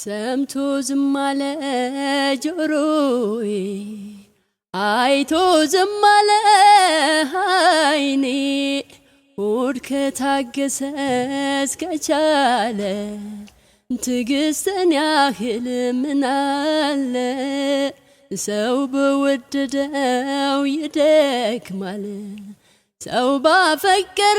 ሰምቶ ዝም አለ ጆሮዬ፣ አይቶ ዝም አለ አይኔ። ሆድ ከታገሰ እስከቻለ ትዕግስትን ያህል ምን አለ? ሰው በወደደው ይደክማል፣ ሰው ባፈቀረ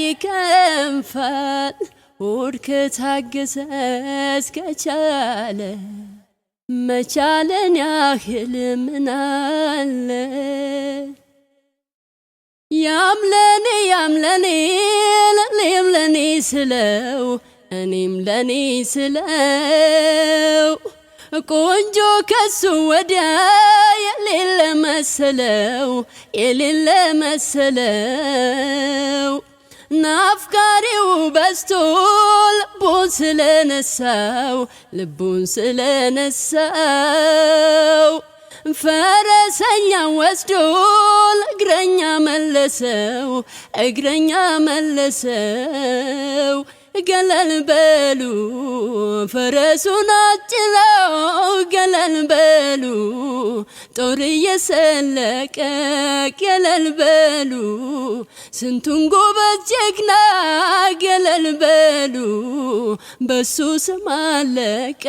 ይከንፋል። ሆድ ከታገሰ እስከቻለ መቻለን ያህል ምናለ ያምለኔ ያምለኒ ለኔም ለኔ ስለው እኔም ለኔ ስለው ቆንጆ ከሱ ወዲያ የሌለ መሰለው የሌለ መሰለው ናፍቃሪው በዝቶ ልቡን ስለነሳው ልቡን ስለነሳው ፈረሰኛ ወስዶ እግረኛ መለሰው እግረኛ መለሰው ገለል በሉ ፈረሱን አጭነው ገለል በሉ ጦር እየሰለቀ ገለል በሉ ስንቱን ጎበዝ ጀግና ገለል በሉ በሱ ስም አለቀ።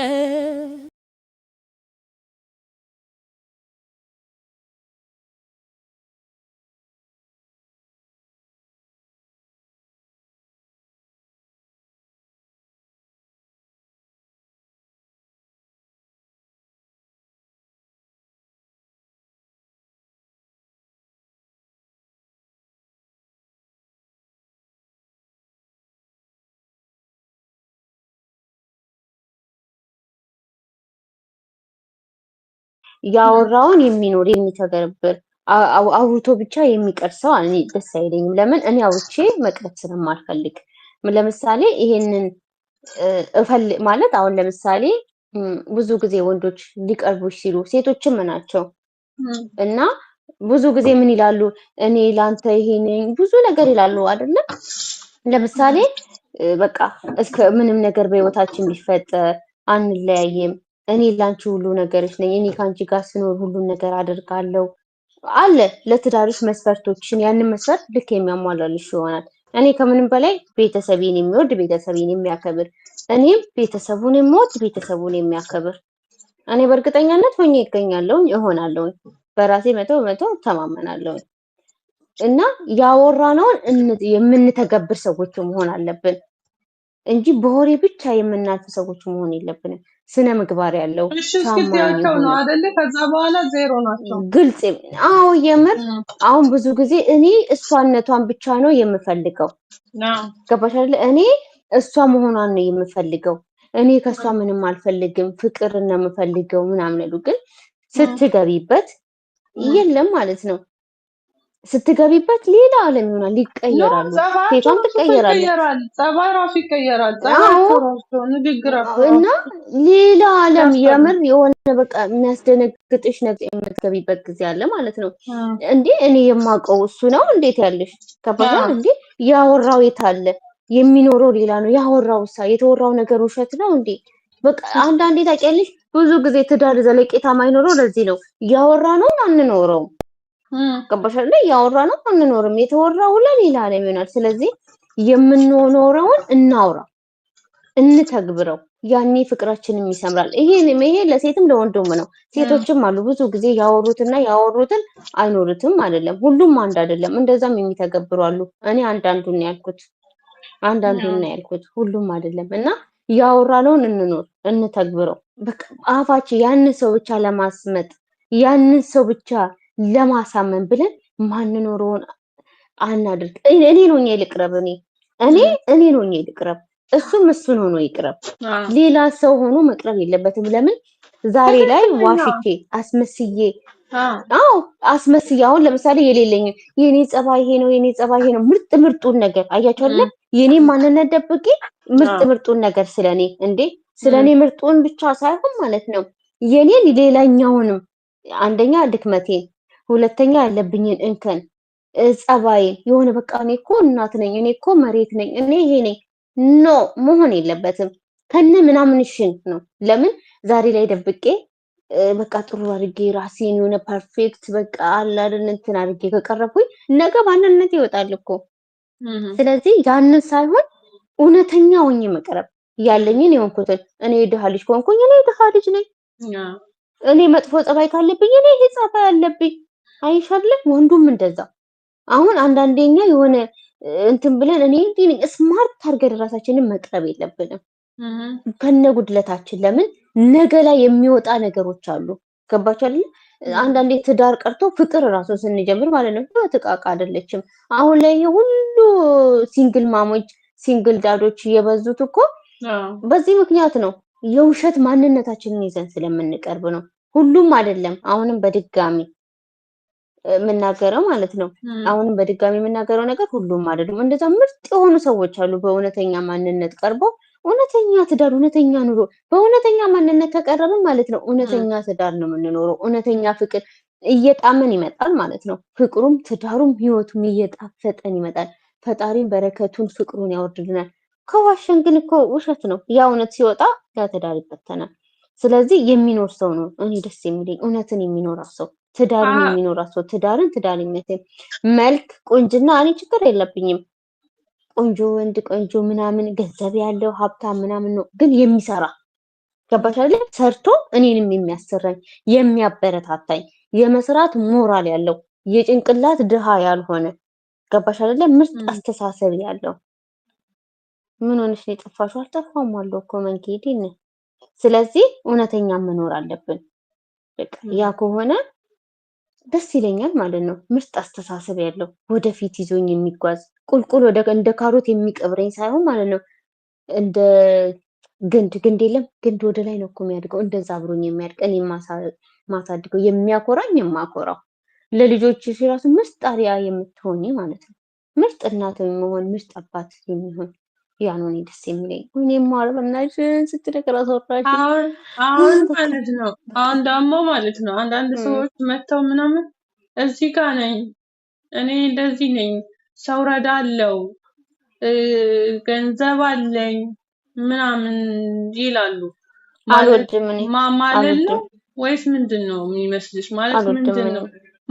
ያወራውን የሚኖር የሚተገብር አውርቶ ብቻ የሚቀር ሰው እኔ ደስ አይለኝም። ለምን እኔ አውርቼ መቅረት ስለማልፈልግ። ለምሳሌ ይሄንን ማለት አሁን ለምሳሌ ብዙ ጊዜ ወንዶች ሊቀርቡሽ ሲሉ ሴቶችም ምናቸው እና ብዙ ጊዜ ምን ይላሉ? እኔ ላንተ ይሄ ብዙ ነገር ይላሉ አይደለም። ለምሳሌ በቃ እስከ ምንም ነገር በህይወታችን ቢፈጠር አንለያይም እኔ ላንቺ ሁሉ ነገርሽ ነኝ፣ እኔ ከአንቺ ጋር ስኖር ሁሉን ነገር አደርጋለሁ አለ። ለትዳርሽ መስፈርቶችን ያንን መስፈርት ልክ የሚያሟላልሽ ይሆናል። እኔ ከምንም በላይ ቤተሰቤን የሚወድ ቤተሰቤን የሚያከብር እኔም ቤተሰቡን የምወድ ቤተሰቡን የሚያከብር እኔ በእርግጠኛነት ሆኜ ይገኛለሁኝ እሆናለሁኝ። በራሴ መቶ በመቶ ተማመናለሁኝ። እና ያወራነውን የምንተገብር ሰዎች መሆን አለብን እንጂ በሆሬ ብቻ የምናልፍ ሰዎች መሆን የለብንም። ስነ ምግባር ያለው አደለ? ከዛ በኋላ ዜሮ ናቸው። ግልጽ አዎ፣ የምር አሁን ብዙ ጊዜ እኔ እሷነቷን ብቻ ነው የምፈልገው። ገባሽ አደለ? እኔ እሷ መሆኗን ነው የምፈልገው። እኔ ከእሷ ምንም አልፈልግም፣ ፍቅር ነው የምፈልገው ምናምን ግን ስትገቢበት የለም ማለት ነው ስትገቢበት ሌላ ዓለም ይሆናል፣ ይቀየራል፣ ሴቷም ትቀየራለች፣ ጸባይ ራሱ ይቀየራል፣ እና ሌላ ዓለም የምር የሆነ በቃ የሚያስደነግጥሽ ነገር የምትገቢበት ጊዜ አለ ማለት ነው። እንዴ እኔ የማውቀው እሱ ነው እንዴት ያለሽ ከባድ እንዴ ያወራው የት አለ? የሚኖረው ሌላ ነው ያወራው ሳ የተወራው ነገር ውሸት ነው እንዴ? በቃ አንዳንዴ ታውቂያለሽ፣ ብዙ ጊዜ ትዳር ዘለቄታ ማይኖረው ለዚህ ነው። እያወራ ነው አንኖረውም ገባሻል? እና እያወራ ነው አንኖርም። የተወራው ለሌላ ሌላ ይሆናል። ስለዚህ የምንኖረውን እናውራ፣ እንተግብረው። ያኔ ፍቅራችንም ይሰምራል። ይሄ ይሄ ለሴትም ለወንድም ነው። ሴቶችም አሉ ብዙ ጊዜ ያወሩትና ያወሩትን አይኖሩትም። አይደለም ሁሉም አንድ አይደለም፣ እንደዛም የሚተገብሩ አሉ። እኔ አንዳንዱን ነው ያልኩት፣ አንዳንዱን ነው ያልኩት፣ ሁሉም አይደለም። እና ያወራነውን እንኖር፣ እንተግብረው። በቃ አፋችን ያንን ሰው ብቻ ለማስመጥ ያንን ሰው ብቻ ለማሳመን ብለን ማንኖረውን አናድርግ። እኔ ሆኜ ልቅረብ፣ እኔ እኔ እኔ ሆኜ ልቅረብ፣ እሱም እሱን ሆኖ ይቅረብ። ሌላ ሰው ሆኖ መቅረብ የለበትም። ለምን ዛሬ ላይ ዋሽቼ አስመስዬ አዎ አስመስዬ አሁን ለምሳሌ የሌለኝ የኔ ጸባይ ይሄ ነው፣ የኔ ጸባይ ይሄ ነው፣ ምርጥ ምርጡን ነገር አያችሁ የኔ ማንነት ደብቄ ምርጥ ምርጡን ነገር ስለኔ እንዴ ስለኔ ምርጡን ብቻ ሳይሆን ማለት ነው የኔን ሌላኛውንም አንደኛ ድክመቴን ሁለተኛ ያለብኝን እንከን ጸባይ የሆነ በቃ እኔ እኮ እናት ነኝ፣ እኔ እኮ መሬት ነኝ፣ እኔ ይሄ ነኝ። ኖ መሆን የለበትም ከነ ምናምንሽን ነው። ለምን ዛሬ ላይ ደብቄ በቃ ጥሩ አድርጌ ራሴን የሆነ ፐርፌክት በቃ አላደን እንትን አድርጌ ከቀረብኩኝ ነገ ባንነት ይወጣል እኮ። ስለዚህ ያንን ሳይሆን እውነተኛ ሆኜ መቅረብ ያለኝን የሆንኩትን እኔ ድሃ ልጅ ከሆንኩኝ እኔ ድሃ ልጅ ነኝ። እኔ መጥፎ ጸባይ ካለብኝ እኔ ይሄ ጸባይ አለብኝ አይሻለ ወንዱም እንደዛው። አሁን አንዳንዴኛ የሆነ እንትን ብለን እኔ እንዲህ ስማርት ታርገን ራሳችንን መቅረብ የለብንም ከነ ጉድለታችን። ለምን ነገ ላይ የሚወጣ ነገሮች አሉ። ገባች አንዳንዴ ትዳር ቀርቶ ፍቅር እራሱ ስንጀምር ማለት ነው ትቃቃ አይደለችም። አሁን ላይ ሁሉ ሲንግል ማሞች ሲንግል ዳዶች እየበዙት እኮ በዚህ ምክንያት ነው። የውሸት ማንነታችንን ይዘን ስለምንቀርብ ነው። ሁሉም አይደለም። አሁንም በድጋሚ የምናገረው ማለት ነው። አሁንም በድጋሚ የምናገረው ነገር ሁሉም አይደሉም። እንደዛ ምርጥ የሆኑ ሰዎች አሉ በእውነተኛ ማንነት ቀርበው እውነተኛ ትዳር፣ እውነተኛ ኑሮ። በእውነተኛ ማንነት ከቀረብን ማለት ነው እውነተኛ ትዳር ነው የምንኖረው። እውነተኛ ፍቅር እየጣመን ይመጣል ማለት ነው። ፍቅሩም ትዳሩም ህይወቱም እየጣፈጠን ይመጣል። ፈጣሪን በረከቱን ፍቅሩን ያወርድልናል። ከዋሸን ግን እኮ ውሸት ነው። ያ እውነት ሲወጣ ያ ትዳር ይበተናል። ስለዚህ የሚኖር ሰው ነው እኔ ደስ የሚለኝ እውነትን የሚኖራ ሰው ትዳርን የሚኖራት ሰው ትዳርን ትዳር መልክ፣ ቆንጅና እኔ ችግር የለብኝም። ቆንጆ ወንድ፣ ቆንጆ ምናምን፣ ገንዘብ ያለው ሀብታም ምናምን ነው ግን የሚሰራ ገባሽ ሰርቶ እኔንም የሚያሰራኝ የሚያበረታታኝ የመስራት ሞራል ያለው የጭንቅላት ድሃ ያልሆነ ገባሽ አይደለ? ምርጥ አስተሳሰብ ያለው ምን ሆነሽ ነው የጠፋሽው? አልጠፋም አለው እኮ መንገዴን። ስለዚህ እውነተኛ መኖር አለብን። ያ ከሆነ ደስ ይለኛል ማለት ነው። ምርጥ አስተሳሰብ ያለው ወደፊት ይዞኝ የሚጓዝ ቁልቁል ወደ እንደ ካሮት የሚቀብረኝ ሳይሆን ማለት ነው እንደ ግንድ ግንድ የለም ግንድ ወደ ላይ ነው እኮ የሚያድገው። እንደዛ አብሮኝ የሚያድግ እኔ ማሳድገው የሚያኮራኝ የማኮራው ለልጆች ሲራሱ ምርጥ አርአያ የምትሆኝ ማለት ነው። ምርጥ እናት የሚሆን ምርጥ አባት የሚሆን ያን ሆኔ ደስ የሚለኝ እኔም ማርበናሽን ስትነገር አስወራሽ አሁን ማለት ነው። አሁን ደግሞ ማለት ነው አንዳንድ ሰዎች መጥተው ምናምን እዚህ ጋ ነኝ እኔ እንደዚህ ነኝ፣ ሰው ረዳለው፣ ገንዘብ አለኝ ምናምን ይላሉ። አልወድም እኔ ነው ወይስ ምንድን ነው የሚመስልሽ? ማለት ምንድን ነው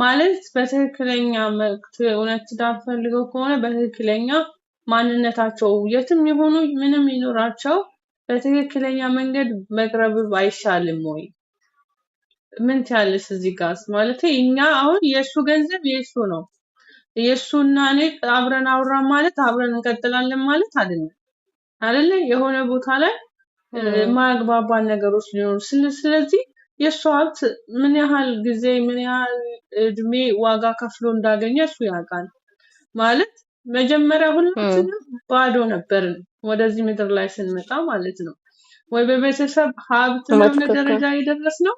ማለት በትክክለኛ መቅት እውነት ትዳር ፈልገው ከሆነ በትክክለኛ ማንነታቸው የትም የሆኑ ምንም ይኖራቸው በትክክለኛ መንገድ መቅረብ አይሻልም ወይ? ምን ትያለሽ? እዚህ ጋር ማለት እኛ አሁን የእሱ ገንዘብ የእሱ ነው። የእሱና እኔ አብረን አውራ ማለት አብረን እንቀጥላለን ማለት አይደለም አይደለ? የሆነ ቦታ ላይ ማግባባን ነገሮች ሊኖሩ ስለዚህ የእሱ ሀብት ምን ያህል ጊዜ ምን ያህል እድሜ ዋጋ ከፍሎ እንዳገኘ እሱ ያውቃል ማለት መጀመሪያ ሁላችንም ባዶ ነበርን። ወደዚህ ምድር ላይ ስንመጣ ማለት ነው ወይ በቤተሰብ ሀብት ምን ደረጃ ነው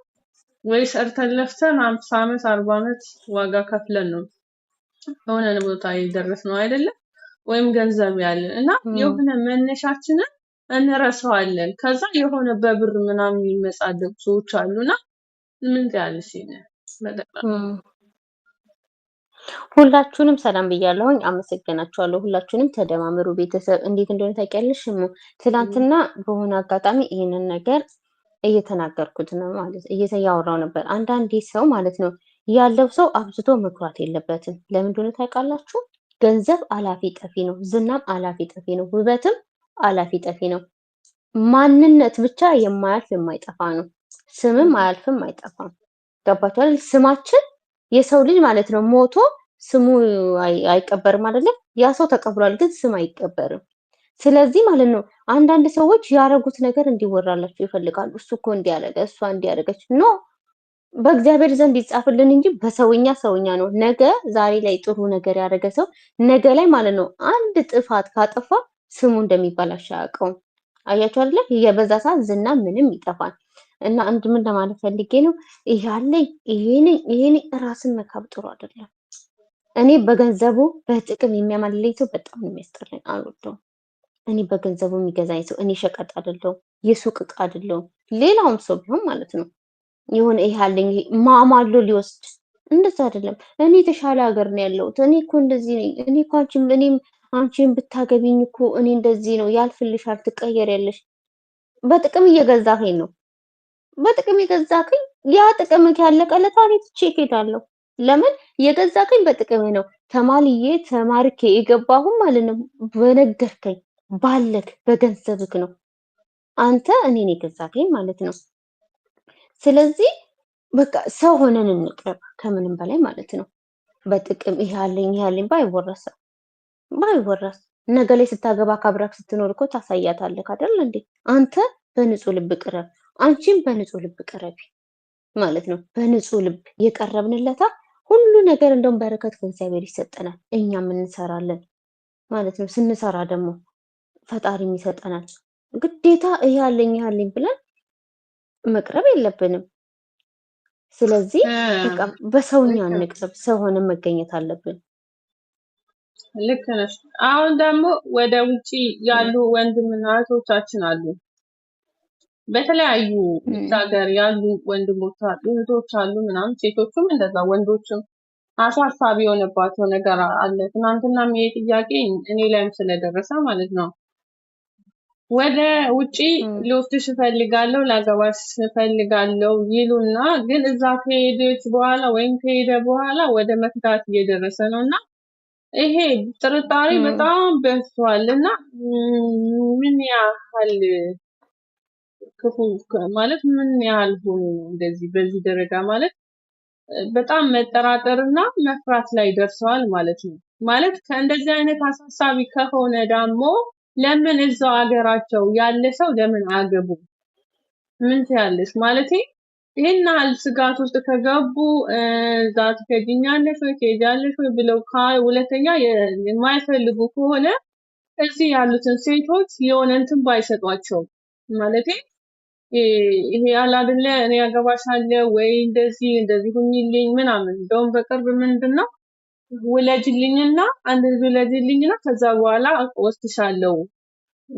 ወይ ሰርተን ለፍተን አምስት ዓመት አርባ ዓመት ዋጋ ከፍለን ነው የሆነ ቦታ ነው አይደለም። ወይም ገንዘብ ያለን እና የሆነ መነሻችንን እንረሰዋለን ከዛ የሆነ በብር ምናምን የሚመጻደቁ ሰዎች አሉና ምን ያለ ሁላችሁንም ሰላም ብያለሁኝ። አመሰግናችኋለሁ። ሁላችሁንም ተደማምሩ ቤተሰብ። እንዴት እንደሆነ ታውቂያለሽ እሙ። ትናንትና በሆነ አጋጣሚ ይህንን ነገር እየተናገርኩት ነው ማለት እያወራው ነበር። አንዳንዴ ሰው ማለት ነው ያለው ሰው አብዝቶ መኩራት የለበትም። ለምን እንደሆነ ታውቃላችሁ? ገንዘብ አላፊ ጠፊ ነው፣ ዝናም አላፊ ጠፊ ነው፣ ውበትም አላፊ ጠፊ ነው። ማንነት ብቻ የማያልፍ የማይጠፋ ነው። ስምም አያልፍም አይጠፋም። ገባችኋል? ስማችን የሰው ልጅ ማለት ነው ሞቶ ስሙ አይቀበርም አይደለም። ያ ሰው ተቀብሯል፣ ግን ስም አይቀበርም። ስለዚህ ማለት ነው አንዳንድ ሰዎች ያረጉት ነገር እንዲወራላቸው ይፈልጋሉ። እሱ እኮ እንዲያደረገ እሷ እንዲያደረገች ኖ በእግዚአብሔር ዘንድ ይጻፍልን እንጂ በሰውኛ ሰውኛ ነው። ነገ ዛሬ ላይ ጥሩ ነገር ያደረገ ሰው ነገ ላይ ማለት ነው አንድ ጥፋት ካጠፋ ስሙ እንደሚባል አሻቀውም። አያቸው አይደለ? በዛ ሰዓት ዝና ምንም ይጠፋል። እና አንድ ምን ለማለት ፈልጌ ነው ይያለኝ ይሄኔ ይሄኔ ራስን መካብ ጥሩ አይደለም። እኔ በገንዘቡ በጥቅም የሚያማልለኝ ሰው በጣም የሚያስጠላኝ አልወደውም። እኔ በገንዘቡ የሚገዛኝ ሰው እኔ ሸቀጥ አይደለሁም፣ የሱቅ ዕቃ አይደለሁም። ሌላውም ሰው ቢሆን ማለት ነው የሆነ ይያለኝ አለኝ ማማሎ ሊወስድ እንደዛ አይደለም። እኔ የተሻለ ሀገር ነው ያለሁት። እኔ እኮ እንደዚህ ነኝ። እኔ እኮ አንቺም እኔም አንቺም ብታገቢኝ እኮ እኔ እንደዚህ ነው ያልፍልሻል፣ ያለሽ በጥቅም እየገዛኸኝ ነው በጥቅም የገዛከኝ ያ ጥቅም ያለቀለታ ቤት ቼኬት አለው። ለምን የገዛከኝ በጥቅም ነው። ተማልዬ ተማርኬ የገባሁም ማለት ነው። በነገርከኝ ባለክ በገንዘብክ ነው። አንተ እኔን የገዛከኝ ማለት ነው። ስለዚህ በቃ ሰው ሆነን እንቅረብ ከምንም በላይ ማለት ነው። በጥቅም ይሄ አለኝ ይሄ አለኝ ባይወረሰ ባይወረስ ነገ ላይ ስታገባ ካብራክ ስትኖር እኮ ታሳያታለህ አይደል እንዴ? አንተ በንጹህ ልብ ቅረብ። አንቺም በንጹህ ልብ ቀረቢ ማለት ነው። በንጹህ ልብ የቀረብንለታ ሁሉ ነገር እንደውም በረከት ከእግዚአብሔር ይሰጠናል። እኛም እንሰራለን ማለት ነው። ስንሰራ ደግሞ ፈጣሪም ይሰጠናል። ግዴታ ይሄ አለኝ ይሄ አለኝ ብለን መቅረብ የለብንም። ስለዚህ በሰውኛ እንቅረብ፣ ሰው ሆነን መገኘት አለብን። ልክ ነሽ። አሁን ደግሞ ወደ ውጪ ያሉ ወንድምና እህቶቻችን አሉ በተለያዩ ሀገር ያሉ ወንድሞች አሉ፣ እህቶች አሉ ምናም ሴቶቹም እንደዛ ወንዶችም አሳሳቢ የሆነባቸው ነገር አለ። ትናንትና ይሄ ጥያቄ እኔ ላይም ስለደረሰ ማለት ነው ወደ ውጪ ልወስድሽ እፈልጋለሁ ለገባሽ እፈልጋለሁ ይሉና ግን እዛ ከሄደች በኋላ ወይም ከሄደ በኋላ ወደ መክዳት እየደረሰ ነው እና ይሄ ጥርጣሬ በጣም በስቷል እና ምን ያህል ክፉ ማለት ምን ያህል ሆኖ ነው እንደዚህ በዚህ ደረጃ ማለት በጣም መጠራጠርና መፍራት ላይ ደርሰዋል ማለት ነው። ማለት ከእንደዚህ አይነት አሳሳቢ ከሆነ ደግሞ ለምን እዛው አገራቸው ያለ ሰው ለምን አገቡ? ምን ትያለሽ? ማለት ይህን ያህል ስጋት ውስጥ ከገቡ እዛ ትገኛለሽ ወይ ትሄጃለሽ ወይ ብለው ሁለተኛ የማይፈልጉ ከሆነ እዚህ ያሉትን ሴቶች የሆነ እንትን ባይሰጧቸው ማለት ይሄ አላደለ እኔ ያገባሻለሁ ወይ እንደዚህ እንደዚህ ሁኝልኝ ምናምን። እንደውም በቅርብ ምንድን ነው ውለጅልኝና አንድ ልጅ ውለጅልኝና ከዛ በኋላ ወስድሻለሁ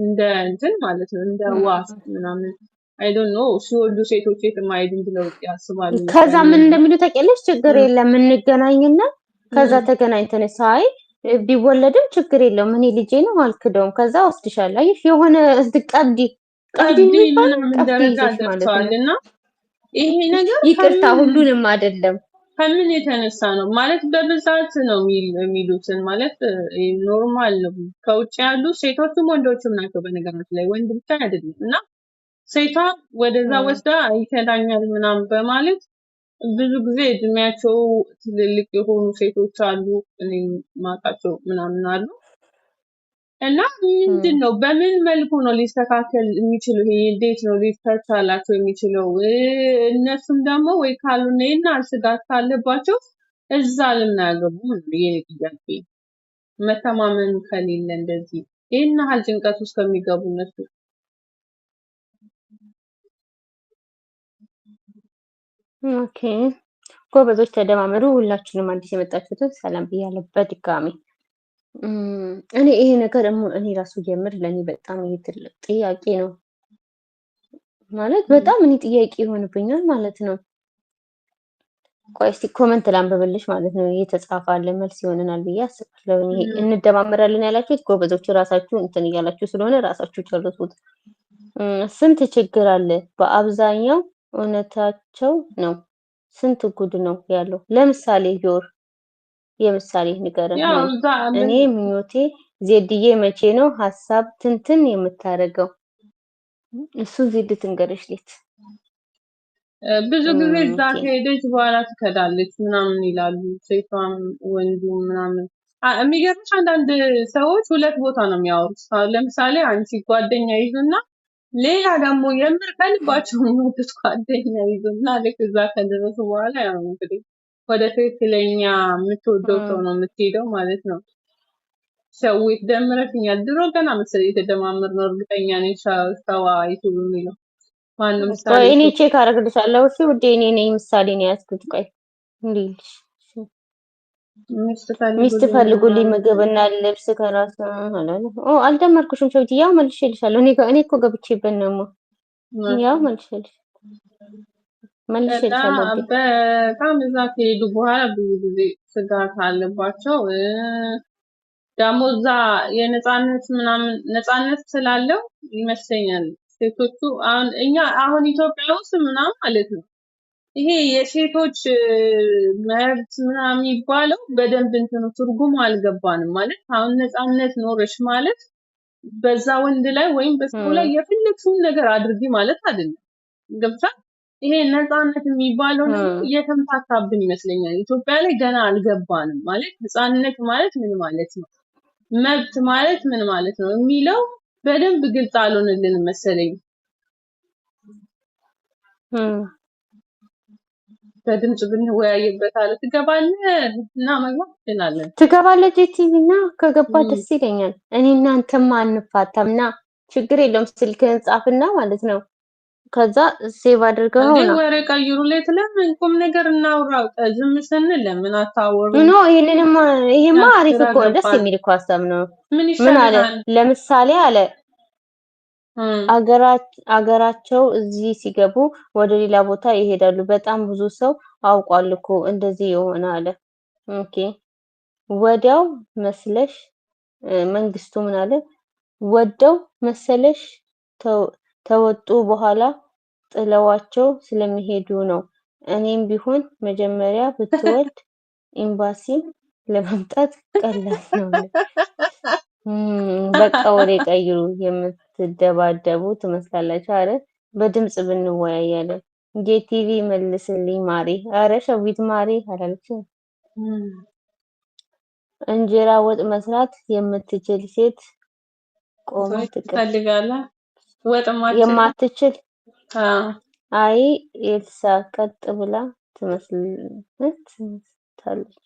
እንደ እንትን ማለት ነው እንደ ዋስ ምናምን አይዶን ነው ሲወልዱ ሴቶች የትም አይድን ብለው ያስባሉ። ከዛ ምን እንደሚሉ ታውቂያለሽ? ችግር የለም እንገናኝና ከዛ ተገናኝተን ሳይ ቢወለድም ችግር የለውም እኔ ልጄ ነው አልክደውም። ከዛ ወስድሻለሁ አየሽ የሆነ ስትቀብዲ ቀብድ ይሄ ነገር ይቅርታ ሁሉንም አይደለም። ከምን የተነሳ ነው ማለት በብዛት ነው የሚሉትን ማለት ኖርማል ነው። ከውጭ ያሉ ሴቶቹም ወንዶቹም ናቸው። በነገራችን ላይ ወንድ ብቻ አይደለም እና ሴቷ ወደዛ ወስዳ ይከዳኛል ምናምን በማለት ብዙ ጊዜ እድሜያቸው ትልልቅ የሆኑ ሴቶች አሉ፣ እኔም ማውቃቸው ምናምን አሉ እና ምንድን ነው በምን መልኩ ነው ሊስተካከል የሚችለው? ይሄ እንዴት ነው ሊፈታላቸው የሚችለው? እነሱም ደግሞ ወይ ካሉ ና ስጋት ካለባቸው እዛ ልናያገቡ ይህ ጥያቄ መተማመን ከሌለ እንደዚህ ይህን ያህል ጭንቀት ውስጥ ከሚገቡ እነሱ ኦኬ ጎበዞች ተደማመሩ። ሁላችንም አዲስ የመጣችሁትን ሰላም ብያለሁ በድጋሚ። እኔ ይሄ ነገር ደግሞ እኔ ራሱ የምር ለእኔ በጣም ይሄ ትልቅ ጥያቄ ነው ማለት በጣም እኔ ጥያቄ ይሆንብኛል ማለት ነው። ቆይ እስኪ ኮመንት ላንብብልሽ ማለት ነው። የተጻፈ አለ መልስ ይሆነናል ብዬ አስባለሁ። ይሄ እንደማመራለን ያላችሁት ጎበዞቹ ራሳችሁ እንትን እያላችሁ ስለሆነ ራሳችሁ ጨርሱት። ስንት ችግር አለ። በአብዛኛው እውነታቸው ነው። ስንት ጉድ ነው ያለው። ለምሳሌ ዮር የምሳሌ ንገረን። እኔ ምኞቴ ዜድዬ መቼ ነው ሀሳብ ትንትን የምታደርገው? እሱ ዜድ ትንገረሽ ሌት ብዙ ጊዜ እዛ ከሄደች በኋላ ትከዳለች ምናምን ይላሉ፣ ሴቷም ወንዱ ምናምን። የሚገርምሽ አንዳንድ ሰዎች ሁለት ቦታ ነው የሚያወሩት። ለምሳሌ አንቺ ጓደኛ ይዙና ሌላ ደግሞ የምር ከልባቸው የሚወዱት ጓደኛ ይዙና ልክ እዛ ከደረሱ በኋላ ያው እንግዲህ ወደ ትክክለኛ የምትወደው ሰው ነው የምትሄደው ማለት ነው። ሰው ደምረሽኛል። ድሮ ገና መሰለኝ የተደማመር ነው። እርግጠኛ ነኝ ሰዋ አይቱ የሚለው ማነው? ምሳሌ እኔ ቼክ አደርግልሻለሁ። እሺ ውዴ፣ እኔ ነኝ ምሳሌ ነው ያዝኩት። ቆይ እንዴት ሚስት ፈልጉልኝ ምግብና ልብስ ከራስ አላለ። አልደመርኩሽም ሸብቲ፣ ያው መልሼልሻለሁ። እኔ እኔ እኮ ገብቼበት ነው ያው መልሼልሻለሁ እና በጣም እዛ ከሄዱ በኋላ ብዙ ጊዜ ስጋት አለባቸው። ደግሞ እዛ የነፃነት ምናምን ነፃነት ስላለው ይመስለኛል ሴቶቹ አሁን እኛ አሁን ኢትዮጵያ ውስጥ ምናምን ማለት ነው ይሄ የሴቶች መብት ምናምን የሚባለው በደንብ እንትኑ ትርጉሙ አልገባንም። ማለት አሁን ነፃነት ኖረች ማለት በዛ ወንድ ላይ ወይም በሰው ላይ የፈለግሽውን ነገር አድርጊ ማለት አይደለም። ገብቷል። ይሄ ነፃነት የሚባለው እየተምታታብን ይመስለኛል። ኢትዮጵያ ላይ ገና አልገባንም። ማለት ነፃነት ማለት ምን ማለት ነው፣ መብት ማለት ምን ማለት ነው የሚለው በደንብ ግልጽ አልሆንልን መሰለኝ። በድምፅ ብንወያይበት አለ ትገባለህ እና መግባት ትችላለን። ትገባለህ ጄቲቪ እና ከገባ ደስ ይለኛል። እኔ እናንተማ አንፋታም እና ችግር የለውም። ስልክህን ጻፍና ማለት ነው ከዛ ሴቭ አድርገው ነው ነው ወሬ ቀይሩ ላይ ቁም ነገር እናውራው። ዝም ስንል ለምን አታወሩ? ኖ ይሄንንም ይሄማ አሪፍ እኮ ደስ የሚል እኮ ሀሳብ ነው። ምን አለ ለምሳሌ አለ አገራቸው እዚህ ሲገቡ ወደ ሌላ ቦታ ይሄዳሉ። በጣም ብዙ ሰው አውቋል እኮ እንደዚህ የሆነ አለ። ኦኬ ወዲያው መስለሽ መንግስቱ ምን አለ ወደው መሰለሽ ከወጡ በኋላ ጥለዋቸው ስለሚሄዱ ነው። እኔም ቢሆን መጀመሪያ ብትወልድ ኤምባሲም ለመምጣት ቀላል ነው። በቃ ወሬ ቀይሩ፣ የምትደባደቡ ትመስላላችሁ። አረ በድምጽ ብንወያያለን። ጄቲቪ መልስልኝ ማሬ። አረ ሸዊት ማሪ አላለችም። እንጀራ ወጥ መስራት የምትችል ሴት ቆማ ትፈልጋለህ? የማትችል አይ የተሳቀጥ ብላ ትመስልታለች።